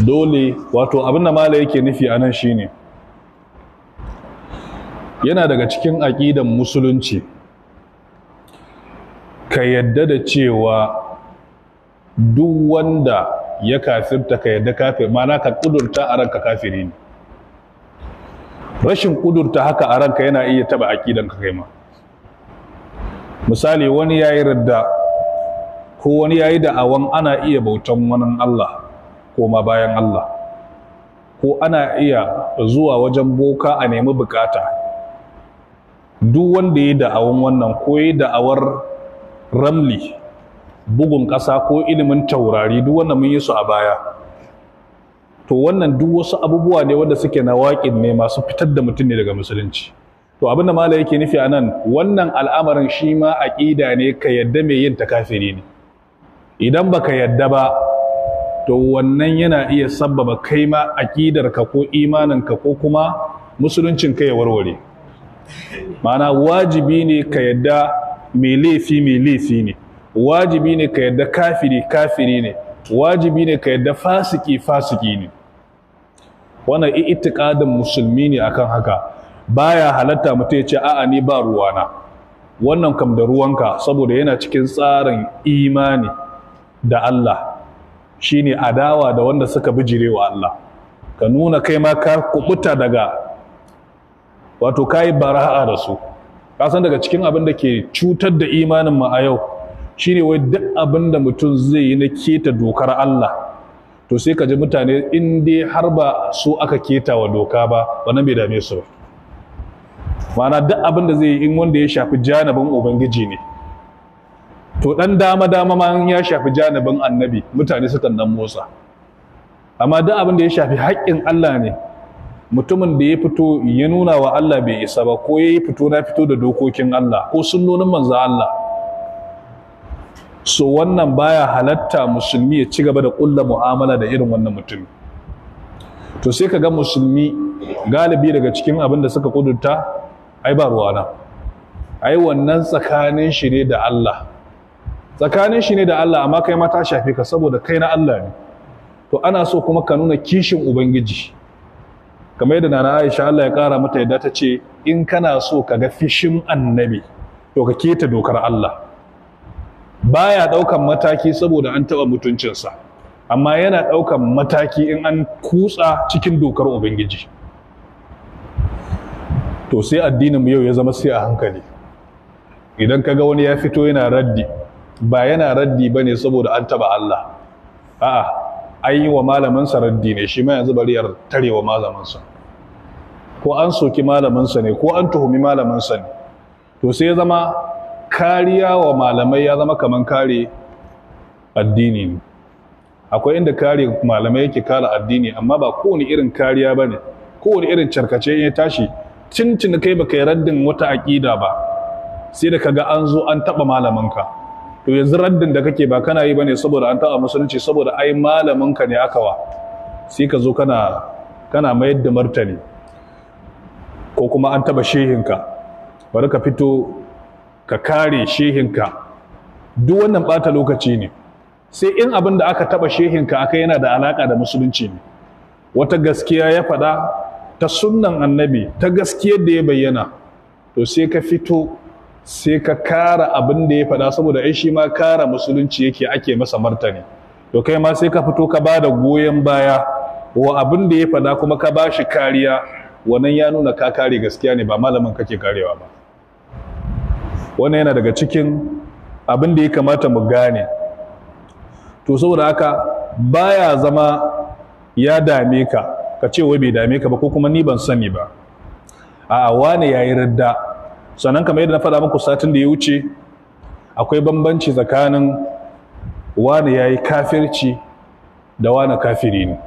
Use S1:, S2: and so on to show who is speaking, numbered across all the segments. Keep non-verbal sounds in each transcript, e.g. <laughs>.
S1: dole wato abin da mala yake nufi a nan shine yana daga cikin aƙidan musulunci ka yadda da cewa duk wanda ya kafirta ka yadda kafir mana ka kudurta a ranka kafiri ne rashin kudurta haka a ranka yana iya taba aƙidan ka kai ma misali wani yayi radda ko wani yayi da'awan ana iya bautan wani Allah koma bayan Allah ko ana iya zuwa wajen boka a nemi bukata duk wanda ya da'awun wannan ko ya da'awar ramli bugun ƙasa ko ilimin taurari duk wannan mun yi su a baya to wannan duk wasu abubuwa ne wanda suke na waƙin ne masu fitar da mutum ne daga musulunci to abin da malai yake nufi a nan wannan al'amarin shi ma aƙida ne ka yadda mai yin ta kafiri ne idan baka yadda ba to wannan yana iya sabbaba kai ma aƙidarka ko imaninka ko kuma musuluncin ka ya warware Mana wajibi ne ka yadda mai laifi mai laifi ne wajibi ne ka yadda kafiri kafiri ne wajibi ne ka yadda fasiki fasiki ne wannan i'tiqadin musulmi ne akan haka baya halatta mutum ya ce a'a ni ba ruwana wannan kam da ruwanka saboda yana cikin tsarin imani da Allah shine adawa da wanda suka wa Allah ka nuna kai ma ka kubuta daga wato kai bara'a da su ka san daga cikin abin da ke cutar da imanin mu a yau shine wai duk abin da mutum zai yi na keta dokar Allah to sai ka ji mutane in dai har ba su aka keta wa doka ba wannan bai dame su ba ma'ana duk abin da zai yi in wanda ya shafi janabin ubangiji ne to dan dama dama ma ya shafi janibin annabi mutane sukan nan motsa amma duk abin da ya shafi haƙƙin Allah ne mutumin da ya fito ya nuna wa Allah bai isa ba ko ya fito na fito da dokokin Allah ko sunnonin manzo Allah so wannan baya halatta musulmi ya ci gaba da ƙulla mu'amala da irin wannan mutum to sai ka ga musulmi galibi daga cikin abin da suka kudurta ai ba ruwana ai wannan tsakanin shi ne da Allah tsakanin shi ne da Allah amma kai ma ta shafe ka saboda kai na Allah ne to ana so kuma ka nuna kishin ubangiji kamar yadda nana Aisha Allah ya kara mata yadda ta ce in kana so ka ga fishin annabi to ka keta dokar Allah baya daukan mataki saboda an taba mutuncinsa amma yana daukan mataki in an kutsa cikin dokar ubangiji to sai addinin mu yau ya zama sai a hankali idan ka ga wani ya fito yana raddi ba yana raddi ba ne saboda an taba Allah a'a an yi wa malamansa raddi ne shi ma yanzu bari tare wa malamansa ko an soki malamansa ne ko an tuhumi malamansa ne to sai ya zama kariya wa malamai ya zama kamar kare addini ne akwai inda kare malamai yake kala addini amma ba kowane irin kariya ba ne kowane irin carkace ya tashi cincin kai baka yi raddin wata aƙida ba sai da kaga an zo an taɓa malamanka to yanzu raddin da kake ba kana yi bane saboda an taɓa musulunci saboda ai malaminka ka ne aka wa sai ka zo kana kana mayar da martani ko kuma an taɓa shehinka bari ka fito ka kare shehin ka duk wannan bata lokaci ne sai in abin da aka taɓa shehinka aka yana da alaƙa da musulunci ne wata gaskiya ya faɗa ta sunnan annabi ta gaskiyar da ya bayyana to sai ka fito sai ka kara abin da ya faɗa saboda ai shi ma kara musulunci yake ake masa martani to kai ma sai ka fito ka ba da goyon baya wa abin da ya faɗa kuma ka ba shi kariya wannan ya nuna ka kare gaskiya ne ba malamin kake karewa ba wannan yana daga cikin abin da ya kamata mu gane to saboda haka baya zama ya dame ka ka ce wai bai dame ka ba ko kuma ni ban sani ba A'a, wane yayi radda sannan kamar yadda na faɗa muku satin da ya wuce akwai bambanci tsakanin wani ya yi kafirci da wani kafiri ne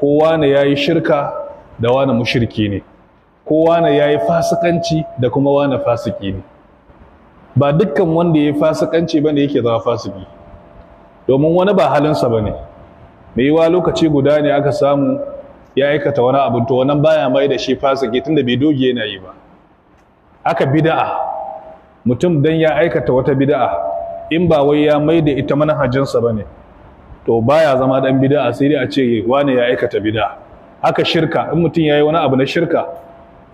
S1: ko wani ya yi shirka da wani mushirki ne ko wani ya yi fasikanci da kuma wani fasiki ne ba dukkan wanda ya yi fasikanci ba ne yake zama fasiki domin wani ba halinsa ba ne mai yiwa lokaci guda ne aka samu ya aikata wani abu to wannan baya mai da shi fasiki tunda bai doge yana yi ba aka bida'a mutum dan ya aikata wata bida'a in ba wai ya mai da ita manhajinsa ba ne to baya zama dan bida'a sai dai a ce wane ya aikata bida'a haka shirka in mutum ya yi wani abu na shirka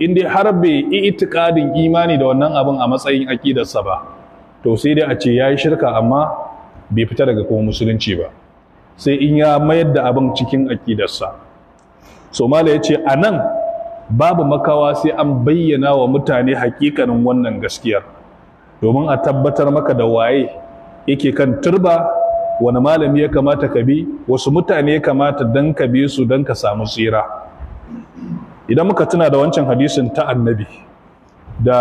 S1: in dai har bai yi itikadin imani da wannan abin a matsayin aƙidarsa ba to sai dai a ce ya yi shirka amma bai fita daga kuma musulunci ba sai in ya mayar da abin cikin aƙidarsa so mala ya ce a nan babu makawa sai an bayyana wa mutane hakikanin wannan gaskiyar domin a tabbatar maka da waye yake kan turba wani malami ya kamata ka bi wasu mutane ya kamata don ka bi su don ka samu tsira idan muka tuna da wancan hadisin ta annabi da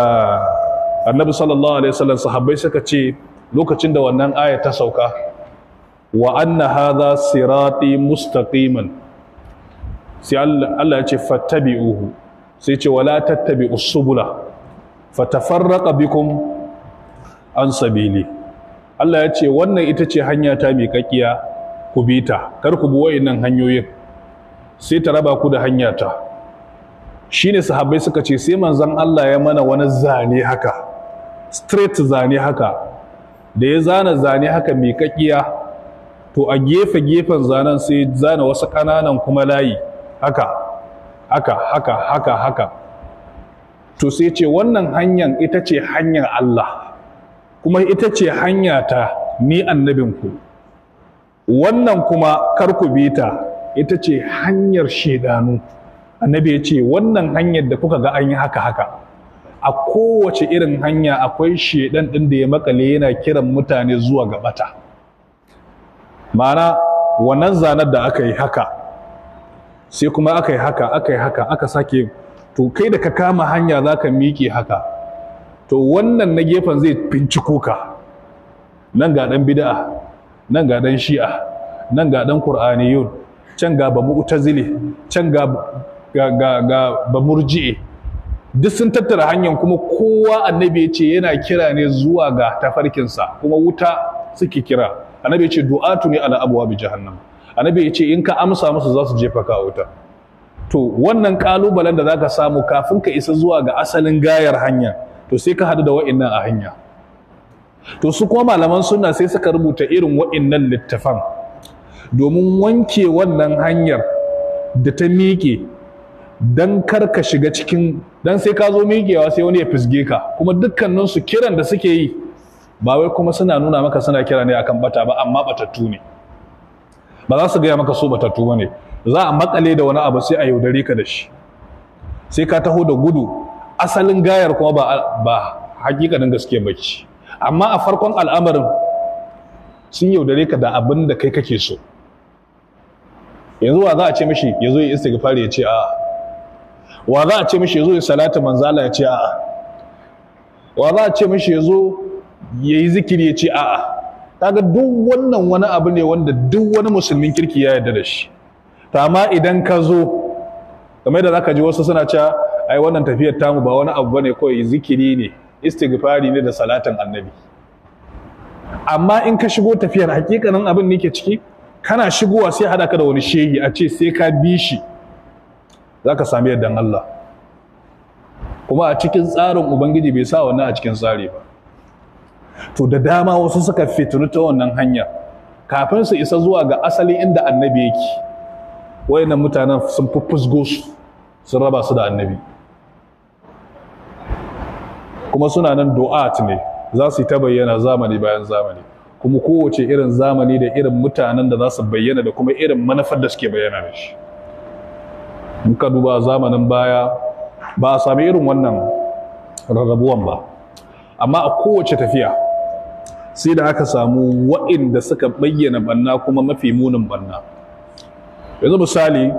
S1: annabi sallallahu alaihi wasallam sahabbai suka ce lokacin da wannan aya ta sauka wa anna hadha sirati mustaqiman sai Allah ya ce uhu, sai ce wala tattabi'us usubula, fatafarraqa bikum an sabili Allah ya ce wannan ita ce hanya ta kakkiya ku bi ta kar ku bi wa'innan hanyoyin sai ta raba ku da hanya ta shine sahabai suka ce sai manzon Allah ya mana wani zane haka straight zane haka da ya zana zane haka mai kakkiya to a gefe gefen zanen sai zana wasu ƙananan kuma layi haka haka haka haka haka to sai ce wannan hanyar ita ce hanyar Allah kuma ita ce hanya ta ni annabinku wannan kuma kar ku bi ta ita ce hanyar shedanu annabi ya ce wannan hanyar da kuka ga an yi haka haka a kowace irin hanya akwai shedan din da ya makale yana kiran mutane zuwa gabata. ma'ana wannan zanar da aka yi haka sai kuma aka yi haka aka yi haka aka sake to kai da ka kama hanya za ka miƙe haka to wannan na gefen zai binciko ka nan ga ɗan bida'a nan ga ɗan shi'a nan ga ɗan ƙur'aniyun can ga ba mu'tazili can ga ga ba murji'i duk sun tattara hanyar kuma kowa annabi ya ce yana kira ne zuwa ga tafarkinsa kuma wuta suke kira annabi ya ce du'atu ne ala bi jahannam annabi ya ce in ka amsa musu za su jefa ka wuta to wannan kalubalen da zaka samu kafin ka isa zuwa ga asalin gayar hanya to sai ka hadu da wa'annan a hanya to su kuma malaman suna sai suka rubuta irin wa'annan littafan domin wanke wannan hanyar da ta miƙe dan kar ka shiga cikin dan sai ka zo miƙewa sai wani ya fisge ka kuma dukkaninsu kiran da suke yi ba wai kuma suna nuna maka suna kira ne akan bata ba amma batattu ne ba za su gaya maka su batattu ba ne za a makale da wani abu sai a yaudare ka da shi sai ka taho da gudu asalin gayar kuma ba ba hakikanin gaskiya ba ce amma a farkon al'amarin sun yaudare ka da abin da kai kake so yanzu wa za a ce mishi ya zo ya istighfar ya ce a'a wa za a ce mishi ya zo ya salatu manzala ya ce a'a wa za a ce mishi ya zo ya yi zikiri ya ce a'a kaga duk wannan wani abu ne wanda duk wani musulmin kirki ya yarda da shi to amma idan ka zo kamar da zaka ji wasu suna cewa ai wannan tafiyar tamu ba wani abu bane kawai zikiri ne istighfari ne da salatin annabi amma in ka shigo tafiyar hakikanin abin ne ke ciki kana shigowa sai hada ka da wani shehi a ce sai ka bi shi za sami yardan Allah kuma a cikin tsarin Ubangiji bai sa wannan a cikin tsari ba to da dama wasu suka fitinu ta wannan hanya kafin su isa zuwa ga asali inda annabi yake wayannan mutanen sun fusgo su sun raba su da annabi kuma suna nan do'at ne za su yi ta bayyana zamani bayan zamani kuma kowace irin zamani da irin mutanen da za su bayyana da kuma irin manufar da suke bayyana da shi muka duba zamanin baya ba a sami irin wannan rarrabuwan ba amma a kowace tafiya sai da aka samu wa'inda suka bayyana banna kuma mafi munin banna yanzu misali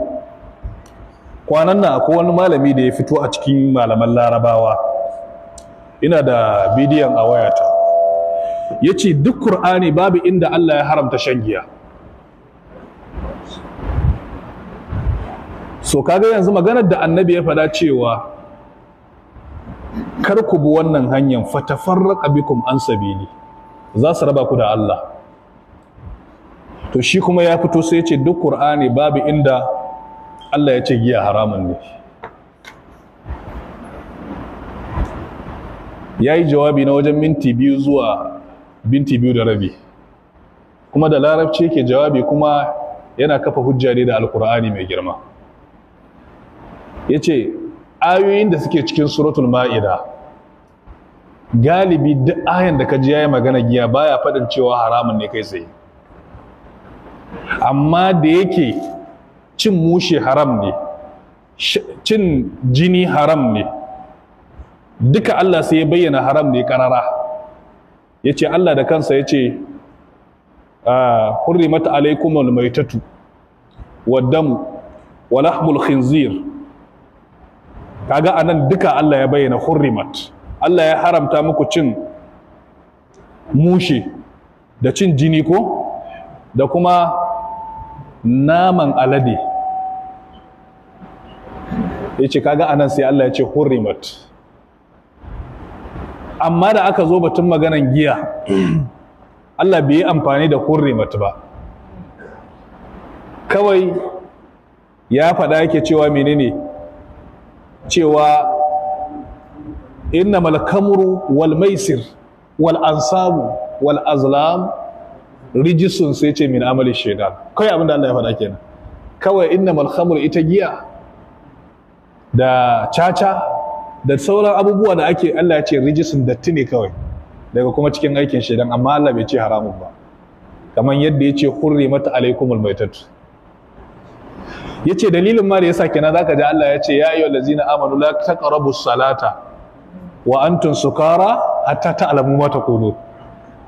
S1: kwanan na akwai wani malami da ya fito a cikin malaman larabawa ina da bidiyon a wayata ya ce duk Kur'ani babu inda allah ya haramta shan giya so kaga yanzu maganar da annabi ya fada cewa kar ku bi wannan hanyar fatafarraka bikum an sabili za su raba ku da Allah to shi kuma ya fito sai ce duk Kur'ani babu inda Allah ya ce giya haramun ne ya yi jawabi na wajen minti biyu zuwa binti biyu da rabi kuma da larabci ke jawabi kuma yana kafa hujja ne da alkur'ani mai girma ya ce ayoyin da suke cikin suratul ma'ida galibi duk ayan da ka ji yayi magana giya baya faɗin cewa haramun ne kai tsaye amma da yake cin mushe haram ne cin jini haram ne duka Allah sai ya bayyana haram ne karara ya ce Allah da kansa ya ce ah, hurrimat alaikum almaitatu waddamu walahmul khinzir kaga anan duka Allah ya bayyana hurrimat Allah ya haramta muku cin mushe da cin jini ko da kuma naman alade ya ce kaga anan sai Allah ya ce hurrimat amma da aka zo batun maganan giya <clears throat> Allah bai yi amfani da hurrimat ba kawai ya faɗa yake cewa menene cewa إنما الكمر والميسر والأنصاب والأزلام رجس سيتي من عمل Allah ya أبن ke nan. Kawai inna إنما ita giya da caca da sauran abubuwa da ake Allah ya ce rijisun datti ne kawai daga kuma cikin aikin shaidan amma Allah bai ce haramun ba kamar yadda ya ce hurri mata alaikumul maitat ya ce dalilin ma da ya sa za zaka ji Allah ya ce ya wa lazina amanu la taqrabu salata wa antun sukara hatta ta'lamu ma taqulu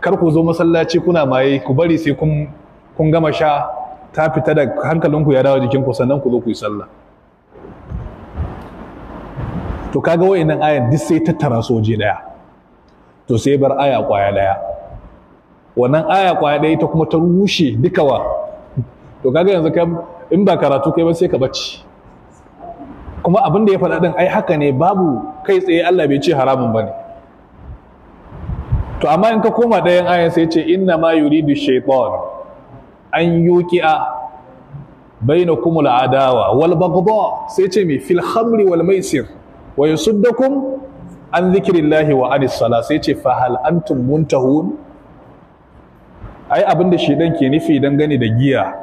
S1: kar ku zo masallaci kuna maye ku bari sai kun kun gama sha ta fita da hankalinku ya dawo jikin ku sannan ku zo ku yi sallah to kaga wayannan ayan duk sai tattara soje daya to sai bar aya kwaya daya wannan aya kwaya daya ita kuma ta rushe duka wa to kaga yanzu in ba karatu kai ba sai ka bacci kuma abin da ya faɗa ɗin ai haka ne babu kai tsaye Allah bai ce haramun ba ne to amma in ka koma ɗayan ayan sai ce inna ma yuridu shaitan an yuqi'a bainakum al'adawa wal baghdha sai ce mi fil khamri wal maisir wa yasuddakum an dhikrillahi wa anis sala sai ce fa hal antum muntahun ai abin da ɗan ke nufi dangane da giya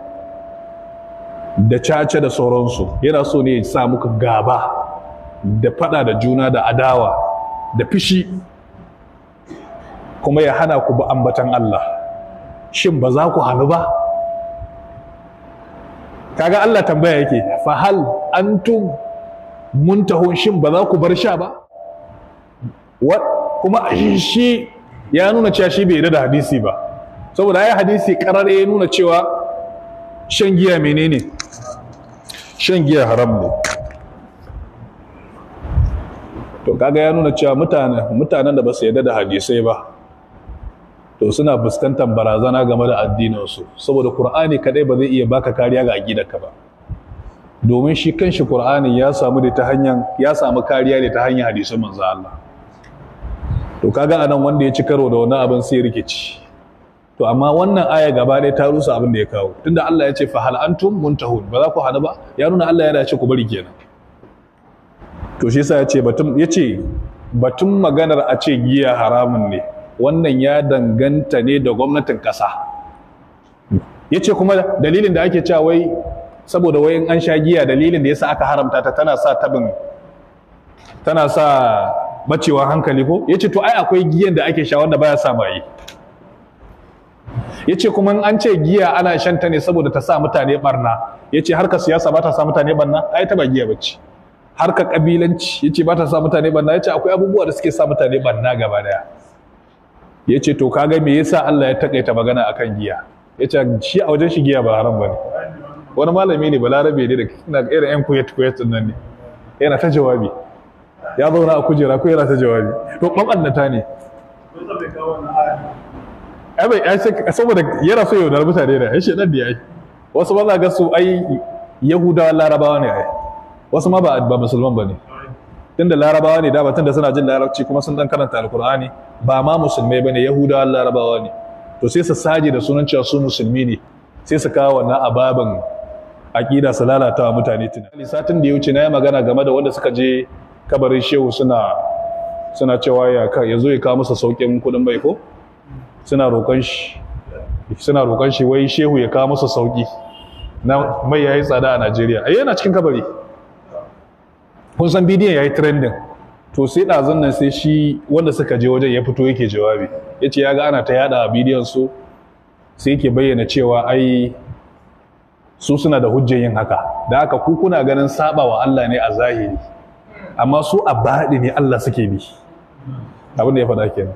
S1: da caca da sauransu yana so ne ya sa muka gaba da fada da juna da adawa da fishi kuma ya hana ku ba ambatan Allah shin ba za ku hannu ba kaga Allah tambaya yake fa hal antum muntahun shin ba za ku bar sha ba kuma shi ya nuna cewa shi bai da hadisi ba saboda ya hadisi karar ya nuna cewa shan giya menene shan giya haram ne to kaga ya nuna cewa mutanen mutanen da ba su yarda da hadisai ba to suna fuskantar barazana game da addininsu saboda qur'ani kadai ba zai iya baka kariya ga ka ba domin shi kanshi qur'ani ya samu da ta hanyar ya samu kariya ne ta hanyar hadisin manzo Allah to kaga anan wanda ya ci karo da wani abin sai rikici to amma wannan aya gaba ɗaya ta rusa abin da ya kawo tunda Allah ya ce fa hal antum muntahun ba za ku hana ba ya nuna Allah ya dace ku bari kenan to shi yasa ya ce batun ya ce batun maganar a ce giya haramun ne wannan ya danganta ne da gwamnatin ƙasa ya ce kuma dalilin da ake cewa wai saboda wayan an sha giya dalilin da yasa aka haramta ta tana sa tabin tana sa bacewar hankali ko ya ce to ai akwai giyan da ake sha wanda baya sa maye Ya ce kuma an ce giya ana shan ta ne saboda ta sa mutane barna Ya ce harka siyasa ba ta sa mutane barna ai ta ba giya ba ce. harka kabilanci ce ba ta sa mutane barna ce akwai abubuwa da suke sa mutane barna gaba daya ce to kaga me yasa Allah ya takaita magana akan giya Ya ce shi a wajen shi giya ba haram ba ne. wani malami ne balarabe ne da kina ga irin yan kuyat kuyat nan ne yana ta jawabi ya zauna a kujera ko yana ta jawabi to babannata ne ai saboda mutane da da ya wasu ba za ga su ai yahudawa larabawa ne ai wasu ma ba musulman ba ne tunda larabawa ne tunda suna jin larabci kuma sun dan karanta alkur'ani ba ma musulmai bane yahudawa larabawa ne to sai su saje da sunan cewa su musulmi ne sai su kawo wannan ababan aƙida su lalata wa mutane tunani satin da ya wuce na yi magana game da wanda suka je kabarin shehu suna suna cewa ya zo ya kawo musu saukin kuɗin bai ko suna roƙon shi wai shehu ya kawo masa sauƙi na mai yayi tsada a Najeriya ai yana cikin kabari kun san bidiyon yayi trending to sai ɗazun nan sai shi wanda suka je wajen ya fito yake jawabi ya ce ya ga ana ta yada bidiyon su sai yake bayyana cewa ai su suna da hujjar yin haka da haka ku kuna ganin saba wa Allah ne a zahiri amma su a baɗi ne Allah suke bi abin da ya faɗa kenan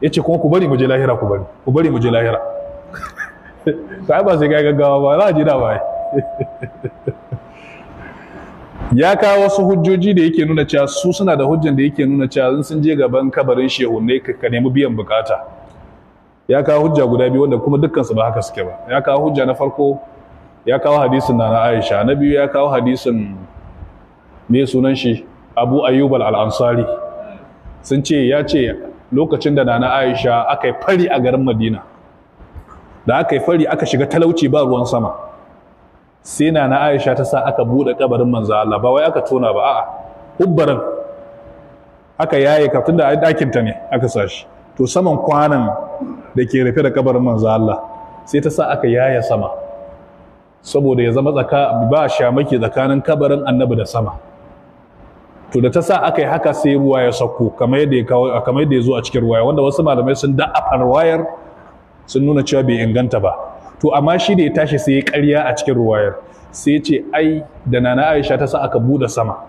S1: yace kuma ku bari mu je lahira ku bari ku bari mu je lahira sai <laughs> ba sai ga gaggawa ba za a je da ba <laughs> ya kawo wasu hujjoji da yake nuna cewa su suna da hujjan da yake nuna cewa in sun je gaban kabarin ne ka nemi biyan bukata ya kawo hujja guda biyu wanda kuma dukkansu ba haka suke ba ya kawo hujja na farko ya kawo hadisin na Aisha na biyu ya kawo hadisin me sunan shi Abu Ayyub al-Ansari sun ce ya ce lokacin da nana aisha aka yi fari a garin madina da aka yi fari aka shiga talauci ba ruwan sama sai nana aisha ta sa aka buɗe kabarin manzo Allah ba wai aka tona ba a'a hubbaran aka yaye ka tunda a dakin ta ne aka sashi to saman kwanan da ke rufe da kabarin manzo Allah sai ta sa aka yaye sama saboda ya zama tsaka ba shamaki tsakanin kabarin annabi da sama to da ta sa aka yi haka sai ruwa ya sauko kamar yadda ya zo a cikin ruwa wanda wasu malamai sun da a ruwayar sun nuna cewa bai inganta ba to amma shi da ya tashi sai ya karya a cikin ruwayar sai ce ai da nana Aisha ta sa aka bude sama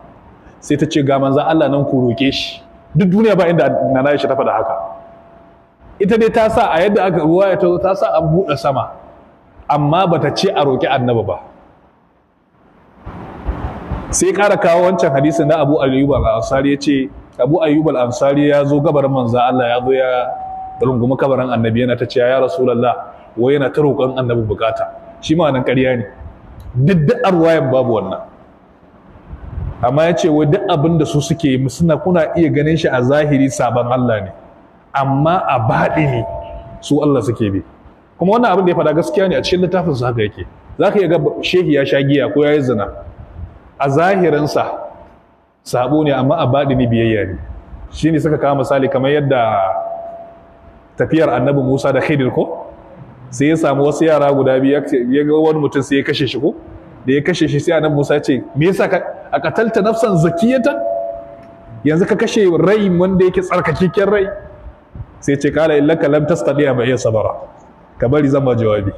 S1: sai ta ce ga manza Allah nan ku roke shi duk duniya ba inda nana Aisha ta faɗa haka ita dai ta sa a yadda aka ruwaya ta sa an bude sama amma bata ce a roki annabi ba sai ƙara kawo wancan hadisin na abu ayyub al-ansari ya ce abu ayyub al-ansari ya zo gabarin manzo Allah ya zo ya rungumi kabarin annabi yana ta ce ya rasulullah wai yana ta roƙon annabi bukata shi ma nan ƙarya ne duk da'ar wayan babu wannan amma ya ce wai duk abin da su suke yi suna kuna iya ganin shi a zahiri sabon Allah ne amma a baɗi ne su Allah suke bi kuma wannan abin da ya faɗa gaskiya ne a cikin littafin su haka yake za ka iya ga shehi ya sha giya ko ya yi zina a zahirinsa sabo ne amma a baɗi ni biyayya ne shi ne suka kawo misali kamar yadda tafiyar annabi musa da khidir ko sai ya samu wasu yara guda biyu ya ga wani mutum sai ya kashe shi ko da ya kashe shi sai annabi musa ce me yasa a katalta nafsan zakiyatan yanzu ka kashe rai wanda yake tsarkakakken rai sai ce kala illaka lam tastadiya ba iya sabara ka bari zama jawabi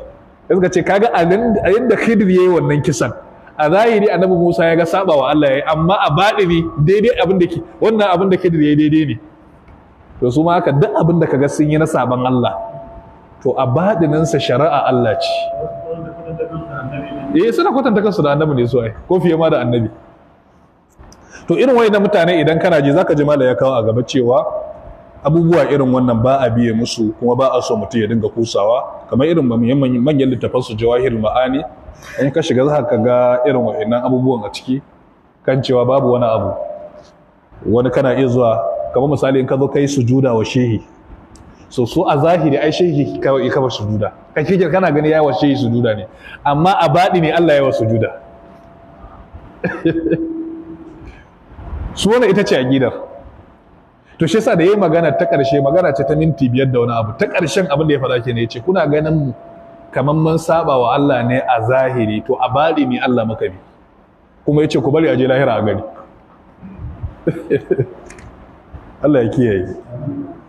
S1: sai ka ce kaga a yadda ya yi wannan kisan a zahiri annabi Musa ya ga wa Allah yayi amma a baɗini daidai abin da ke wannan abin da ke da daidai ne to su ma haka duk abin da kaga sun yi na saban Allah to a baɗinin sa shari'a Allah ce eh suna kwatanta kansu da annabi ne su ai ko fiye ma da annabi to irin na mutane idan kana ji zaka ji mala ya kawo a gaba cewa abubuwa irin wannan ba a biye musu kuma ba a so mutum ya dinga kusawa kamar irin manyan littafan su jawahirul ma'ani in ka shiga za ka ga irin wa'annan abubuwan a ciki kan cewa babu wani abu wani kana iya zuwa kamar misali in ka zo ka yi sujuda wa shehi so so a zahiri ai shehi kawai ka ba sujuda kan kike kana gani yayi wa shehi sujuda ne amma a baɗi ne Allah ya wa sujuda <laughs> su wani ita ce a gidar to shi yasa da yayi magana ta ƙarshe magana ce ta minti biyar da wani abu ta ƙarshen abin da ya faɗa kenan yace kuna ganin mu kamar mun saba wa Allah ne a zahiri to a bari ne Allah maka bi kuma yace ku bari aje lahira a <laughs> Allah ya kiyaye